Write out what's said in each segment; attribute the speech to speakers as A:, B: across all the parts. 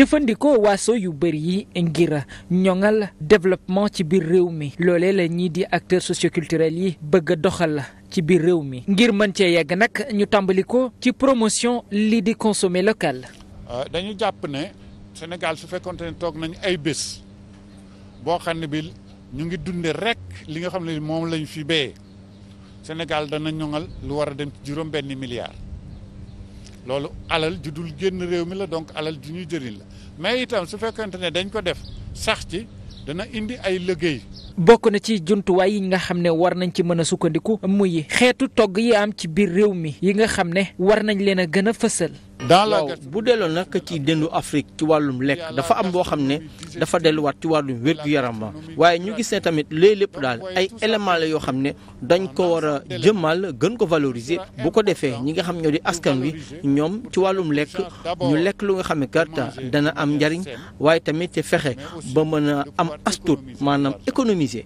A: jëfandikoo waaso yu bëri yi ngir ñoŋal développement ci biir réew mi loolee la ñii di acteurs socioculturels yi bëgg a doxal ci biir réew mi ngir mën cee yegg nag ñu tàmbali ko ci promotion lii di consommer local.
B: Euh, dañu jàpp ne senegal su fekkonte ne toog nañu ay bés boo xam ne bi ñu ngi dunde rek li nga xam ne moom lañu fi béyee senegal dana ñoŋal lu war a dem ci juróom benn milliard. loolu alal ju dul génn réew mi la donc alal ju ñuy jëriñ la mais itam su fekkente ne dañ ko def sax ci dana indi ay liggéey. bokk
A: na ci juntuwaay yi nga xam ne war nañ ci mën a sukkandiku muy xeetu togg yi am ci biir réew mi yi nga xam ne war nañ leen a gën a fësal.
C: dans bu delloo nag ci dendu Afrique ci wàllum lekk dafa am boo xam ne dafa delluwaat ci wàllum wér-gu-yaram waaye ñu gis ne tamit léeg lépp daal ay éléments yoo xam ne dañ ko war a jëmmal gën ko valorisé bu ko defee ñi nga xam ñoo di askan wi ñoom ci wàllum lekk ñu lekk lu nga xam ne karta dana am njariñ waaye tamit fexe ba mën a am astut maanaam économiser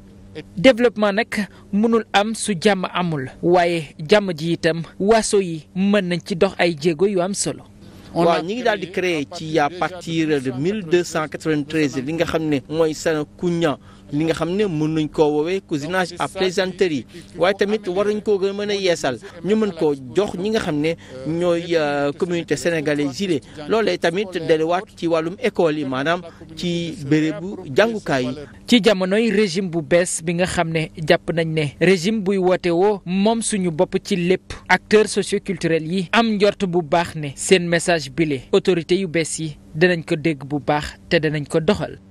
A: développement nag mënul am su jàmm amul waaye jàmm ji itam waaso yi mën nañ ci dox ay jéego yu am solo.
C: waa ñi ngi daal di créer ci à partir de 1293 li nga xam ne mooy Serekunda. li nga xam ne mën nañ koo woowee cousinage à plaisanterie waaye tamit war nañ koo gën mën a yeesal ñu mën koo jox ñi nga xam ne ñooy euh, communauté sénégalaise yi loolee tamit delluwaat ci wàllum école yi maanaam ci bérébu jàngukaay yi.
A: ci jamonoy régime bu bees bi nga xam ne jàpp nañ ne régime buy woote woo moom suñu bopp ci lépp acteurs socioculturels yi am njort bu baax ne seen message bile autorité yu bees yi dinañ ko dégg bu baax te danañ ko doxal.